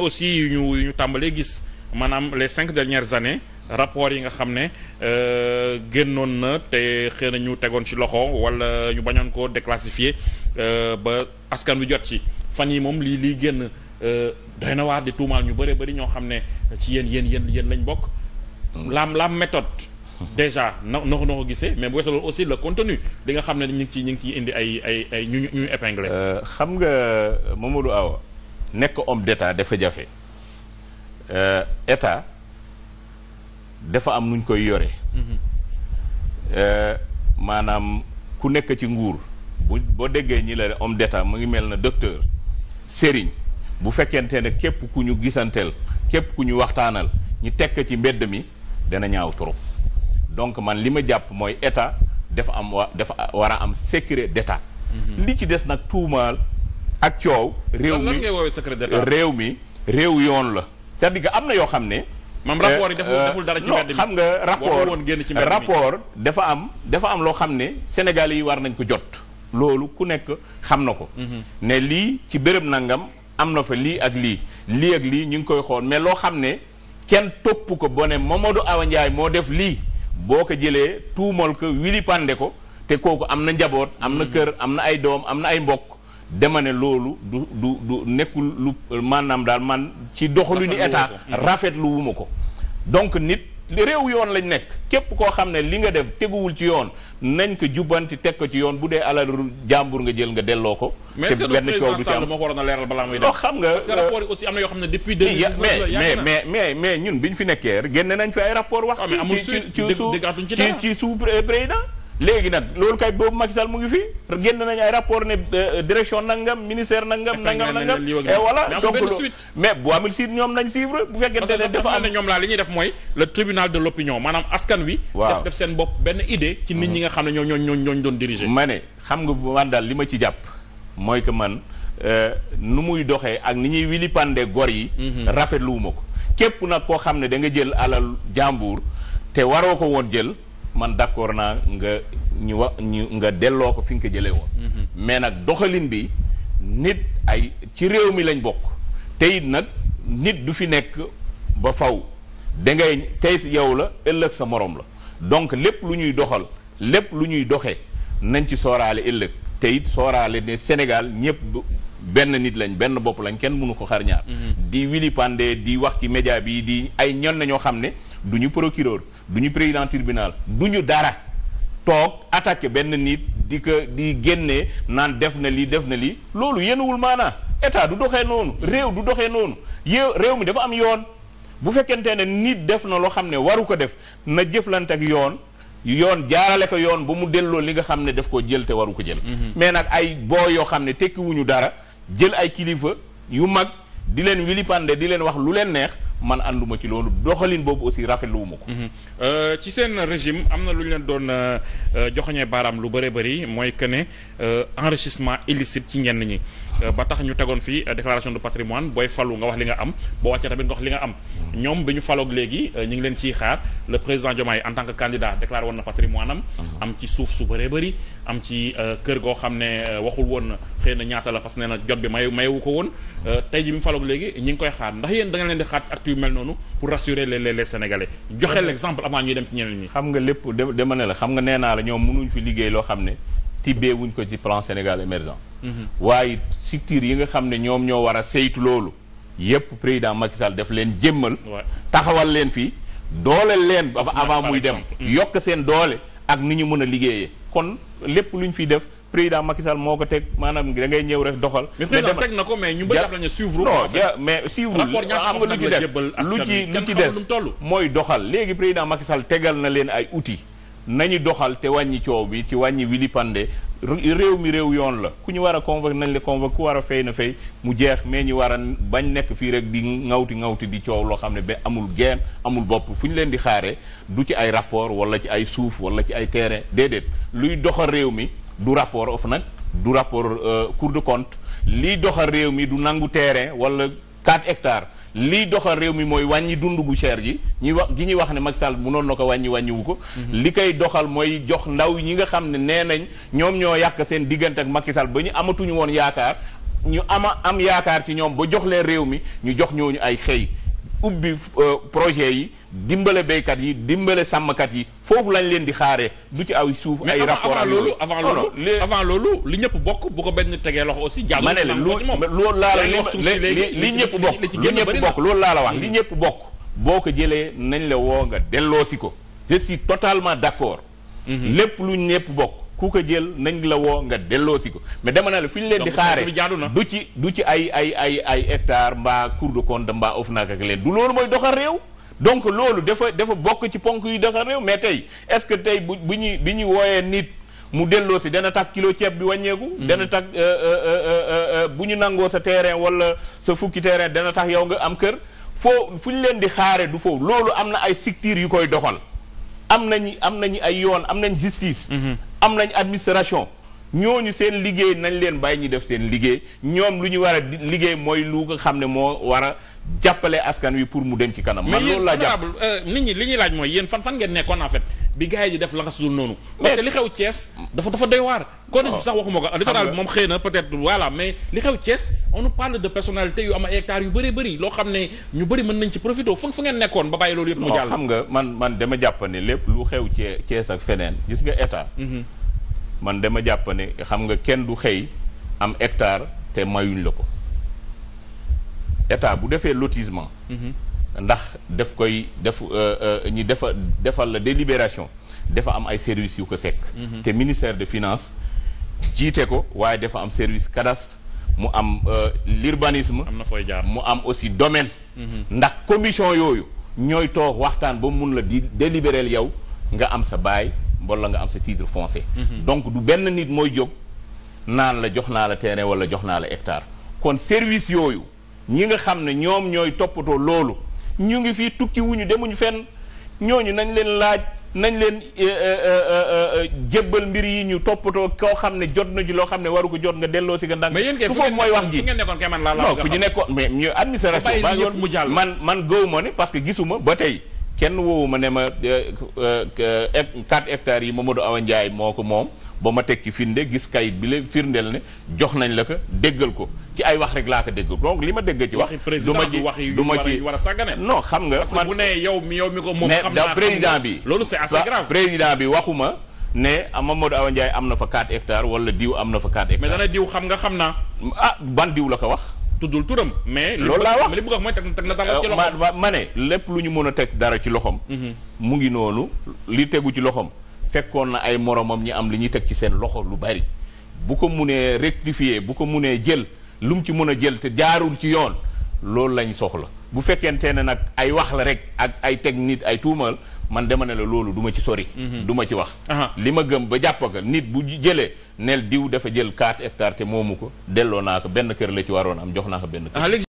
aussi yu ñu ñu tàmbalee gis maanaam les cinq dernières années rapport yi nga xam ne euh, génnoon na te xëy na ñu tegoon ci loxo wala ñu bañoon ko déclassifier euh, ba askan wi jot ci fan yi moom lii lii génn euh, doy na waar di tuumaal ñu bëree bëri ñoo xam ne ci yéen yéen yéen yéen lañ bokk. laam laam méthode. déjà na na ko gisee mais bu weesoo aussi le contenu li nga xam ne ñu ngi ciy ñu ngi ciy indi ay ay ay ñu ñu épinglé. xam nga Mamadou Awa. nekk om d'état dafa jafe euh, état dafa am nuñ koy yore euh, maanaam ku nekk ci nguur bu boo déggee ñi la homme d'état mu ngi mel na docteur sëriñ bu fekkente ne képp ku ñu gisanteel képp ku ñu waxtaanal ñi tekk ci mbedd mi dana ñaaw trop donc man li ma jàpp mooy état dafa am wa dafa war a am secret d'état mm-hmm. li ci des nag tuumaal ak coow. réew mi lan ngay réew mi réew yoon la. sa à am na yoo xam ne. moom rapport yi deful euh, dara ci mbedd mi xam nga rapport rapport dafa am dafa am loo xam ne sénégal yi war nañ ko jot. loolu ku nekk xam na ko. Mhm. ne lii ci béréb nangam am na fa lii ak lii lii ak lii ñu ngi koy xool mais loo xam ne kenn topp ko boo ne Mamadou Awa Ndiaye moo def lii boo ko jëlee tuumal ko wili pande ko te kooku am na njaboot. am na mhm. kër am na ay doom am na ay mbokk. dema ne loolu du du du nekkul lu maanaam daal man ci doxalu ni état rafetlu wu ma ko donc nit réew yoon lañ nekk képp koo xam ne li nga def teguwul ci yoon nañ ko jubbanti teg ko ci yoon bu dee alal jàmbur nga jël nga delloo ko. te benn coow ci am mais est-ce que président Sall moo ko waroon a leeral balaa muy def. nga parce que euh, xam ne depuis. deux mille mais mais mais mais ñun bi ñu fi nekkee génne nañ fi ay rapport wax. Ah, ci ci ci ci ci sous président. léegi nag loolu kay boobu Macky Sall mu ngi fi génn nañu ay rapport ne euh, euh, direction nangam ministère nangam. nangam nangam et voilà donc mais bu amul suite ñoom nañ suivre bu fekkente ne dafa am ñoom laa li ñuy def mooy le tribunal de l'opinion maanaam askan wi. def def seen bopp benn idée. ci nit ñi nga xam ne ñoo ñoo ñoo doon diriger. ma ne xam nga man daal li ma ci jàpp mooy que man euh, nu muy doxee ak ni ñuy wili pande gor yi. Mhm. rafetluwuma ko képp nag koo xam ne da nga jël alal jàmbur te waroo ko woon jël. man d'accord naa nga ñu wa ñu nga delloo ko fi nga ko jëlee woon. Mhm. mais nag doxalin bi nit ay ci réew mi lañ bokk te nag nit du fi nekk ba faw da ngay tey si yow la ëllëg sa morom la donc lépp lu ñuy doxal lépp lu ñuy doxe nañ ci sooraale ëllëg te it sooraale ne Sénégal ñëpp benn nit lañ benn bopp lañ kenn mënu ko xar mhm. di wili pande di wax ci média bi di ay ñoon na ñoo xam ne. du ñu procureur du ñu président tribunal du ñu dara toog attaqué benn nit di ko di génne naan def na lii def na lii loolu yenuwul maanaa état du doxee noonu réew du doxee noonu yow réew mi dafa am yoon bu fekkente ne nit def na loo xam ne waru ko def na jëflante ak yoon yoon jaarale ko yoon ba mu delloo li nga xam ne def koo jël te waru ko jël. Mhm. mais nag ay boo yoo xam ne tekkiwuñu dara jël ay kilifa yu mag di leen wilipande di leen wax lu leen neex. man ànduma ci loolu doxalin boobu aussi rafetlu wu ma ko. Mhm. Euh, ci seen régime am na lu ñu leen doon euh, joxoñee baaraam lu bëree bëri mooy que ne euh, enrichissement illicite ci ngeen ñi. Euh, ba tax ñu tegoon fii euh, déclaration de patrimoine booy falu nga wax li nga am boo wàccee tamit nga wax li nga am ñoom bi ñu faloog léegi euh, ñu ngi leen ci xaar le président Diomaye en tant que candidat déclaré woon na patrimoine am uh-huh. am ci suuf su bëree bëri am ci kër goo xam ne waxul woon xëy na ñaata la parce que nee na jot bi may mayewu ko woon tey ji bi mu faloog léegi ñi ngi koy xaar ndax yéen da nga leen di xaar ci acte mel noonu pour rassurer les les sénégalais joxe l'exemple avant ñuy dem ci xam nga lépp dama ne la xam nga nee naa la ñoom mënuñ fi liggéey loo xam ne tibbee wuñ ko ci plan Sénégal émergent waaye structure yi nga xam ne ñoom ñoo war a saytu loolu yépp président Macky def leen jëmmal taxawal leen fii doole leen avant muy dem yokk seen doole ak ni ñu mën a liggéeyee kon lépp lu ñu fi def président Macky moo ko teg maanaam da ngay ñëw rek doxal. mais président teg na ko mais ñu bëri na suivre. non mais suivre xam nga lu ci def lu ci lu ci des mooy doxal léegi président Macky tegal na leen ay na ñu doxal te wàññi coow bi ci wàññi wilipande réew mi réew yoon la ku ñu war a convoqué nañ la convoqué ku war a fay na fay mu jeex mais ñu war a bañ nekk fii rek di ngawti ngawti di coow loo xam ne ba amul geen amul bopp fu ñu leen di xaaree du ci ay rapport wala ci ay suuf wala ci ay terrain déedéet luy doxal réew mi du rapport of nag du rapport euh, cour de compte liy doxal réew mi du nangu terrain wala 4 hectares lii doxal réew mi mooy wàññi dund gu cher gi ñuy wax gi ñuy wax ne Macky Sall mënoon na ko wàññi wàññiwu ko mhm. li koy doxal mooy jox ndaw ñi nga xam ne nee nañ ñoom ñoo yàkk seen diggante ak Macky Sall ba ñu amatuñu woon yaakaar ñu ama am yaakaar ci ñoom ba jox leen réew mi ñu jox ñooñu ay xëy ubbi euh, projet yi dimbale béykat yi dimbale sàmmkat yi foofu lañ leen di xaare du ci ay suuf ay rapport ak loolu avant loolu avant loolu li ñëpp bokk bu ko benn tegee loxo aussi jàll ma ne la loolu laa la li ñëpp bokk li ñëpp bokk loolu laa la wax li hmm. ñëpp bokk boo ko jëlee nañ la woo nga delloo si ko je suis totalement d'accord hmm. lépp lu ñëpp bokk ku ko jël nañ la woo nga delloosi ko mais dama naa la fi ñu leen di xaare du ci du ci ay ay ay ay hectare mbaa cour de compte mbaa OFNAC ak leen du loolu mooy doxal réew donc loolu defa defa bokk ci ponk yu doxal réew mais tey est-ce que tey bu bu ñuy bi ñuy wooyee nit mu delloo si dana tax kilo ceeb bi wàññeeku. Hmm. dana tax euh, euh, euh, bu ñu nangoo sa terrain wala sa fukki terrain dana tax yow nga am kër foo fu ñu leen di xaare du foofu loolu am na ay secteurs yu koy doxal am nañu am nañu ay yoon am nañ justice. Hmm. am nañu administration ñooñu seen liggéey nañ leen bàyyi ñu def seen liggéey ñoom lu ñu war a liggéey mooy lu nga xam ne moo war a jàppale askan wi pour mu dem ci kanam. man loolu laa jàpp euh, nit ñi li ñuy laaj mooy yéen fan fan ngeen nekkoon en fait bi gars yi di def la nga sudul noonu. xew Thiès dafa dafa doy waar. contexte bi oh. sax ko littoral bi moom xëy na peut-être voilà mais li xew Thiès on nous parle de personnalité yu am ay yu bëri bëri loo xam ne ñu bëri mën nañ ci profité fu fu ngeen nekkoon ba bàyyi loolu yëpp. mu jàll xam nga man man dama jàpp ne lépp lu xew Thiès ak feneen gis nga état mhm. man dama jàpp ne xam nga kenn du xëy am hectare te mayuñ la ko état bu defee lotissement mhm. ndax daf koy def euh, euh, ñi defa defal la délibération dafa am ay services yu ko sekk mhm. te ministère de finance jiite ko waaye dafa am service cadastre mu am euh, l'urbanisme am na fooy jaar mu am aussi domaine mhm. ndax commission yooyu ñooy toog waxtaan ba mu mun la di délibérer yow nga am sa baay la nga am sa titre foncé mhm. donc du benn nit mooy jóg naan la jox naa la terrain wala jox naa la hectare. kon service yooyu ñi nga xam ne ñoom ñooy toppatoo loolu ñu ngi fii tukki wuñu demuñu fenn ñooñu nañ leen laaj nañ leen eh, eh, eh, jébbal mbir yi ñu toppatoo koo xam ne jot na ci loo xam ne waru ko jot nga delloo si nga ndànk du foofu mooy wax ji non fu ñu nekkoon mais ñu administration ba yoon man man gëw ma ne parce que gisuma ba tey kenn woowu ma ne ma euh, euh, euh, quatre hectares yi Mamadou Awa Ndiaye moo ko moom ba ma teg ci firnde gis kayit bi la firndeel ne jox nañ la ko déggal ko ci ay wax rek laa ko déggal donc li ma dégg ci wax du ma ci du ma ci war a no xam nga man bu ne yow mi yow mi ko moom xam naa président bi loolu c'est assez grave président bi waxuma ne ma Mamadou Awa Ndiaye am na fa 4 hectares wala diw am na fa 4 hectares mais dana diw xam nga xam naa ah ban diw la ko wax tuddul turam. mais loolu laa wax li bëgg a mooy teg na dara ci euh, ma ne lépp lu ñu mën a teg dara ci loxoom. Mhm. mu ngi noonu li tegu ci loxoom fekkoon na ay moromam ñi am li ñuy teg ci seen loxo lu bari. bu ko munee rectifier bu ko munee jël lu mu ci mën a jël te jaarul ci yoon loolu lañ soxla. bu fekkente ne nag ay wax la rek ak ay teg nit ay tuumal man demal ne la loolu duma ci sori. Mhm. duma ci wax. li ma gëm ba jàpp nit bu jëlee nel diw dafa jël 4 hectares te moomu ko delloo naa ko benn kër la ci waroon am jox naa ko benn kër.